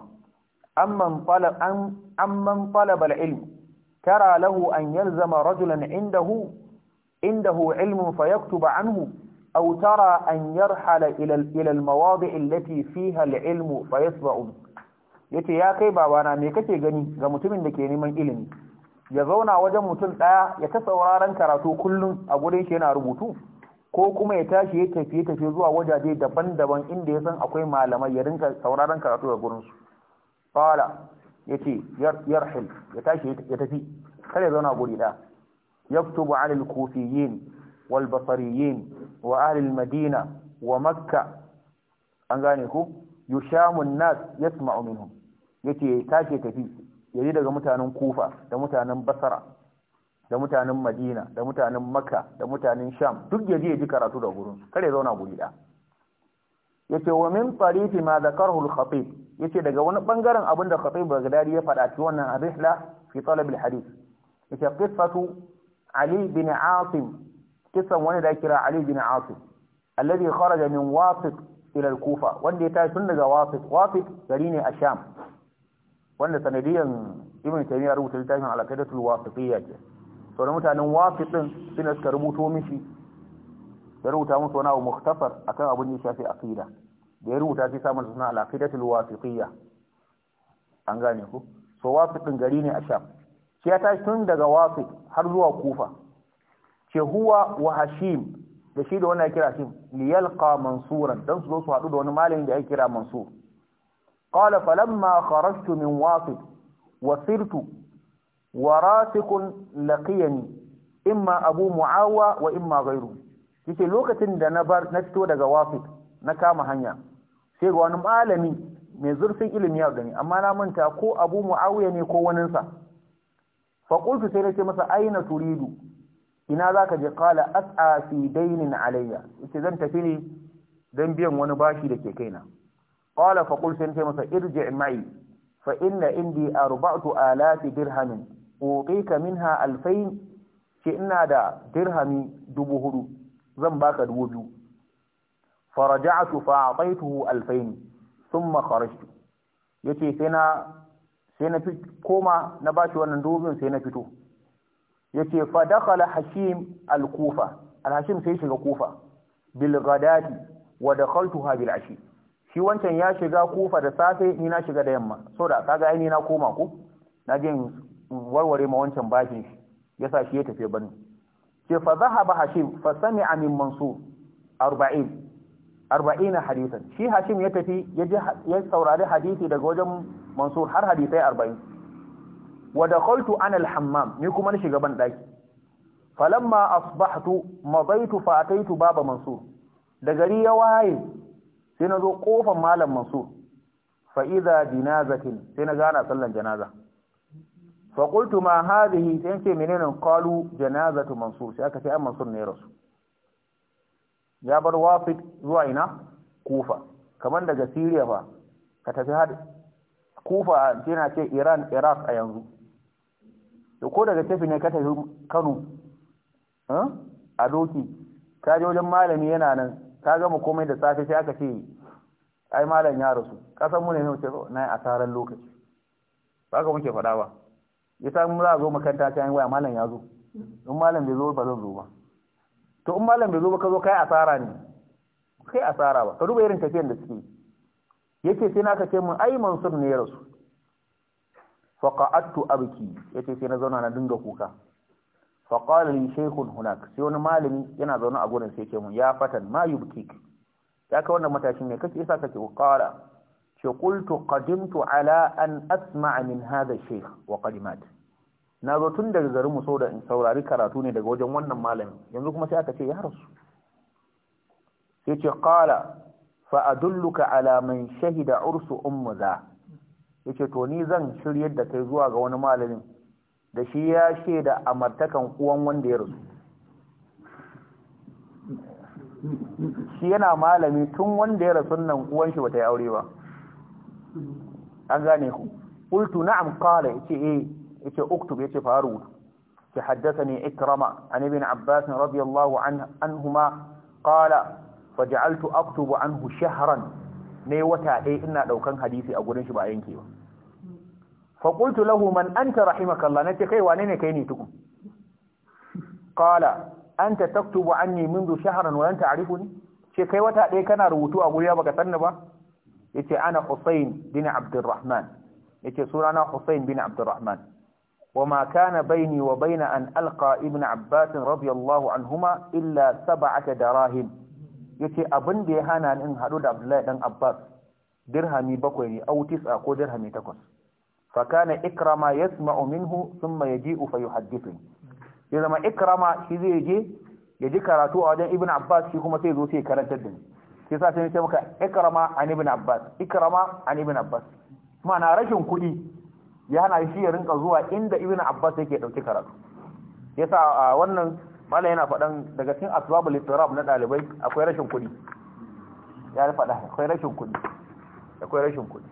amman an amman talaba al-ilm tara lahu an yalzama rajulan indahu indahu ilmun fayaktuba anhu أو ترى أن يرحل إلى إلى المواضع التي فيها العلم فيسبع yace ya kai babana me kake gani ga mutumin da ke neman ilimi ya zauna wajen mutum ɗaya ya ta sauraron karatu kullum a gurin shi yana rubutu ko kuma ya tashi ya tafiye tafiye zuwa wajaje daban-daban inda ya san akwai malamai ya rinka sauraron karatu a gurinsu? Fala qala yace yarhil ya tashi ya tafi kada ya zauna guri ɗaya yaktubu 'ala al-kufiyyin wal wa alil madina wa makka an gane ku yushamun nas yasma'u minhum yace tashi tafi yayi daga mutanen kufa da mutanen basara da mutanen madina da mutanen makka da mutanen sham duk yaji ya ji karatu da gurin kare zauna guri da ce wa min tarifi ma zakarahu al-khatib yace daga wani bangaren abin da khatib bagdadi ya fada ci wannan arihla fi talab al-hadith yace qissatu ali bin asim kisan wani da kira ali bin asim alladhi kharaja min wasiq ila al-kufa wanda ya tashi tun daga wasiq wasiq gari ne a sham wanda sanadiyan ibn taymiya rubuta littafin al-qaidatul wasitiyya ke to da mutanen wasit suna suka rubuto mishi ya rubuta musu wani abu mukhtasar akan abin da ya shafi aqida da ya rubuta shi samun suna al-aqidatul wasitiyya an gane ku so wasit gari ne a sham shi ya tashi tun daga wasit har zuwa kufa ce huwa wa hashim da shi da wannan kira shi liyalqa mansuran dan su zo su haɗu da wani malami da ya kira mansur قال فلما خرجت من واصف وصرت وراسق لقيني imma abu mu'awa wa imma gairu yace lokacin da na bar na fito daga wafi na kama hanya sai ga wani malami mai zurfin ilimi ya gani amma na manta ko abu mu'awiya ne ko wani sa fa qultu sai nace masa aina turidu ina zaka je qala as'a fi dainin alayya yace zan tafi ne dan biyan wani bashi da ke kaina qala fa qul sai masa irji mai fa inna indi arba'atu alafi dirhamin utika minha alfayn ce ina da dirhami dubu hudu zan baka dubu biyu faraja'tu fa a'taytuhu alfayn thumma kharajtu yace sai na sai na koma na bashi wannan dubu sai na fito yace fa dakhala hashim kufa al sai shiga kufa bil ghadati wa dakhaltuha bil ashi shi wancan ya shiga kufa da safe ni na shiga da yamma so da kaga ai ni na koma ku na je warware ma wancan bashin shi yasa shi ya tafi bani ce fa zahaba hashim fa sami'a min mansur 40 40 hadisan shi hashim ya tafi ya ji ya saurari hadisi daga wajen mansur har hadisai 40 wa dakhaltu ana al-hammam ni kuma na shiga ban daki falamma asbahtu madaitu fa ataitu baba mansur da gari ya waye sai na zo kofan malam mansur fa dina janazatin sai na gana sallan janaza fa qultu ma hadhihi sai ce menene qalu janazatu mansur sai aka ce an mansur ne rasu ya bar wafid zuwa ina kufa kaman daga syria fa ka tafi had, kufa yana ce iran iraq a yanzu to ko daga tafi ne ka tafi kano a doki ka je wajen malami yana nan ka gama komai da safe sai aka ce ai malam ya rasu kasan mu ne ne ce oh, na yi asarar lokaci ba ka muke faɗa ba ita mu za a zo makaranta ta waya malam ya zo in malam bai zo ba zan zo ba to in malam bai zo ba ka zo kai asara ne kai asara ba ka duba irin tafiyan da suke yace sai naka ce mun ai mansur ne ya rasu faqa'attu abki yace sai na zauna na dinga kuka faƙwari li shekun hunak sai wani malami yana zaune a gurin sai ke mun ya fatan ma bukik ya ka wannan matashin ne kake isa kake ƙwara ce kultu ƙadimtu ala an asma min hada shaykh wa ƙadimat na zo tun daga garin mu da in saurari karatu ne daga wajen wannan malami yanzu kuma sai aka ce ya rasu sai ce ƙwara fa adulluka ala man shahida ursu ummu za yace to ni zan shiryar da kai zuwa ga wani malamin da shi ya shaida amartakan uwan wanda ya rasu shi yana malami tun wanda ya rasu nan uwan shi bata yi aure ba an gane ku qultu na'am qala yace eh yace uktub yace faru ki haddathani ikrama an ibn abbas radiyallahu anhuma qala faj'altu aktubu anhu shahran ne wata ɗaya ina daukan hadisi a gurin shi ba yanke ba fa qultu lahu man anta rahimakallah nace kai wane ne kai ne tukun qala anta taktubu anni منذ shahran wa anta ta'rifuni ce kai wata ɗaya kana rubutu a guriya baka sanni ba yace ana Hussein bin Abdurrahman yace sunana Hussein bin Abdurrahman وما كان بيني وبين أن ألقى ابن عباس رضي الله عنهما إلا سبعة دراهم yace abin da ya hana ni in haɗu da Abdullahi dan Abbas dirhami bakwai ne au tis'a ko dirhami takwas fakana ikrama yasma'u minhu thumma yaji'u fayuhaddithu ya zama ikrama shi zai je ya ji karatu a wajen ibn abbas shi kuma sai zo sai karantar da shi sai sa sai maka ikrama an ibn abbas ikrama an ibn abbas ma'ana rashin kuɗi ya hana shi ya rinka zuwa inda ibn abbas yake dauki karatu yasa wannan mallan yana faɗan daga cikin asbabul istirab na dalibai akwai rashin kuɗi ya faɗa akwai rashin kuɗi akwai rashin kuɗi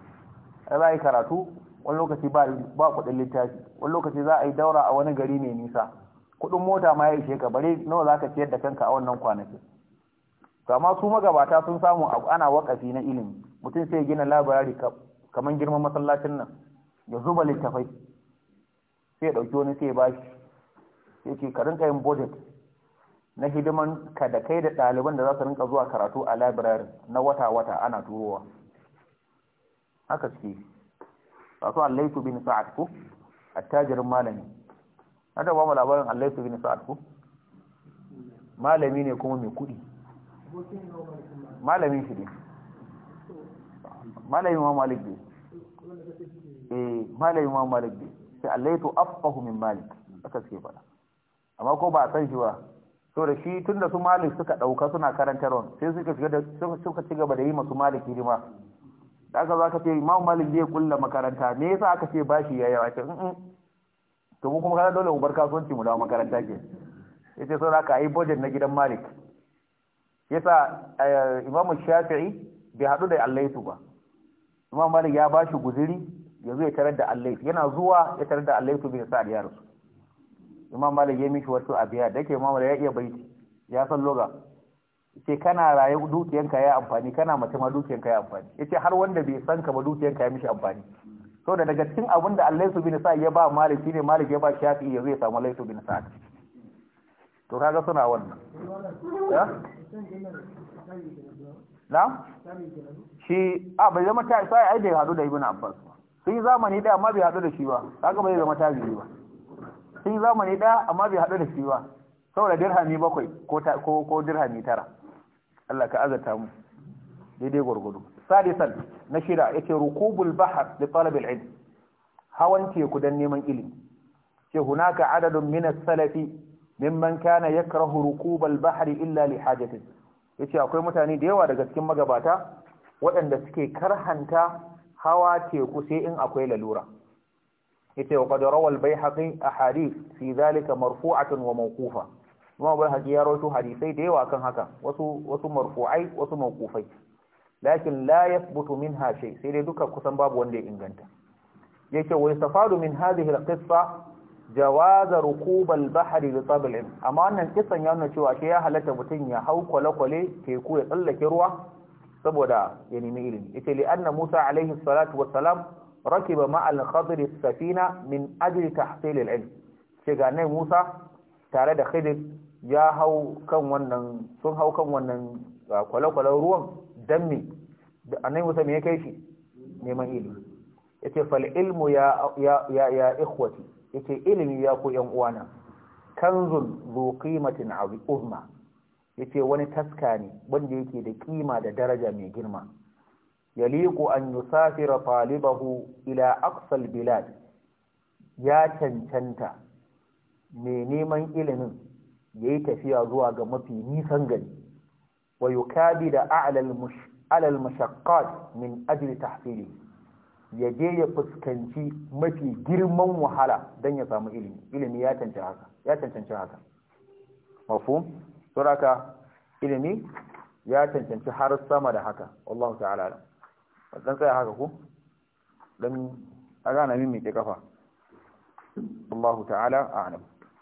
za a yi karatu wani lokaci ba kuɗin littafi wani lokaci za a yi daura a wani gari mai nisa kuɗin mota ma ya ishe ka bare nawa za ka ciyar da kanka a wannan kwanaki? to amma su magabata sun samu ana wakafi na ilimi mutum sai gina labarari kamar girman masallacin nan ya zuba littafai sai ya ɗauki wani sai ya bashi sai ke ka rinka yin budget na hidiman ka da kai da ɗaliban da za su rinka zuwa karatu a labirari na wata-wata ana turowa haka suke wato su allaitu bin sa'ad ku, attajirin malami na taɓa ba mu labarin allaitu bin sa'ad ku? malami ne kuma mai kudi Malami shi ne Malami ma malik ne eh Malami ma malik ne sai allaitu afqahu min malik aka suke fada amma ko ba a san shi ba so da shi tunda su malik suka dauka suna karantarwa sai suka shiga suka ci gaba da yi masu malik hidima da aka za ka ce imam malik zai kulla makaranta me yasa aka ce bashi ya yawa ce to mu kuma kana dole mu bar kasuwanci mu dawo makaranta ke yace sai aka yi budget na gidan malik yasa eh, imam shafi'i bai hadu da allaitu ba imam malik ya bashi guziri yanzu ya tarar da allaitu yana zuwa ya tarar da allaitu bai sa da yaro imam malik ya mishi wasu abiya da ke imam ya iya baiti ya san loga ce kana raye dukiyanka ya amfani kana mace ma dukiyanka ya amfani yace har wanda bai san ka ba dukiyanka ya mishi amfani so da daga cikin abin da Allah bin ta'ala ya ba Malik shine Malik ya ba Shafi ya zai samu Allah bin ta'ala to kaga suna wannan na shi a bai zama ta sai ai bai hadu da Ibn Abbas ba sun yi zamani da amma bai hadu da shi ba kaga bai zama tabi'i ba sun yi zamani da amma bai hadu da shi ba saboda dirhami bakwai ko ko dirhami tara Allah ka azata mu daidai gwargwado sadisan na shida yace rukubul bahar li talab al-ilm hawan teku dan neman ilimi ce hunaka adadun min salafi mimman kana yakrahu rukub al Bahar illa li Ya yace akwai mutane da yawa daga cikin magabata waɗanda suke karhanta hawa teku sai in akwai lalura yace wa qad rawa al-baihaqi ahadith fi dhalika marfu'atun wa mawqufa imam al-hajji ya rawaito hadisai da yawa kan haka wasu wasu marfu'ai wasu mawqufai lakin la yathbutu minha shay sai dai duka kusan babu wanda ya inganta yake wa yastafadu min hadhihi al-qissa jawaz ruqub al-bahri bi tabl amma wannan kisan ya nuna cewa shi ya halatta mutun ya hau kwale-kwale teku ya tsallake ruwa saboda ya nemi ilimi yake li anna musa alaihi salatu wassalam rakiba ma al-khadr as-safina min ajli tahsil al-ilm ce ga nan musa tare da khidir ya hau kan wannan sun hau kan wannan ah, kwale ruwan dan me da annabi Musa me ya kai shi neman ilimi yace fal ilmu ya ya ya ce, ilimi ya ku yan uwana kanzun zu qimatin Ya yace wani taska ne wanda yake da kima da daraja mai girma yaliqu an yusafira talibahu ila aqsal bilad ya cancanta mai neman ilimin ya yi tafiya zuwa ga mafi nisan gari wa yukabi da alal mashaqqat min ajli tahsili ya je ya fuskanci mafi girman wahala don ya samu ilimi ilimi ya cancanci haka ya suraka ilimi ya cancanci har sama da haka wallahu ta'ala dan tsaye haka ku dan a gane min mai kafa allah ta'ala a'lam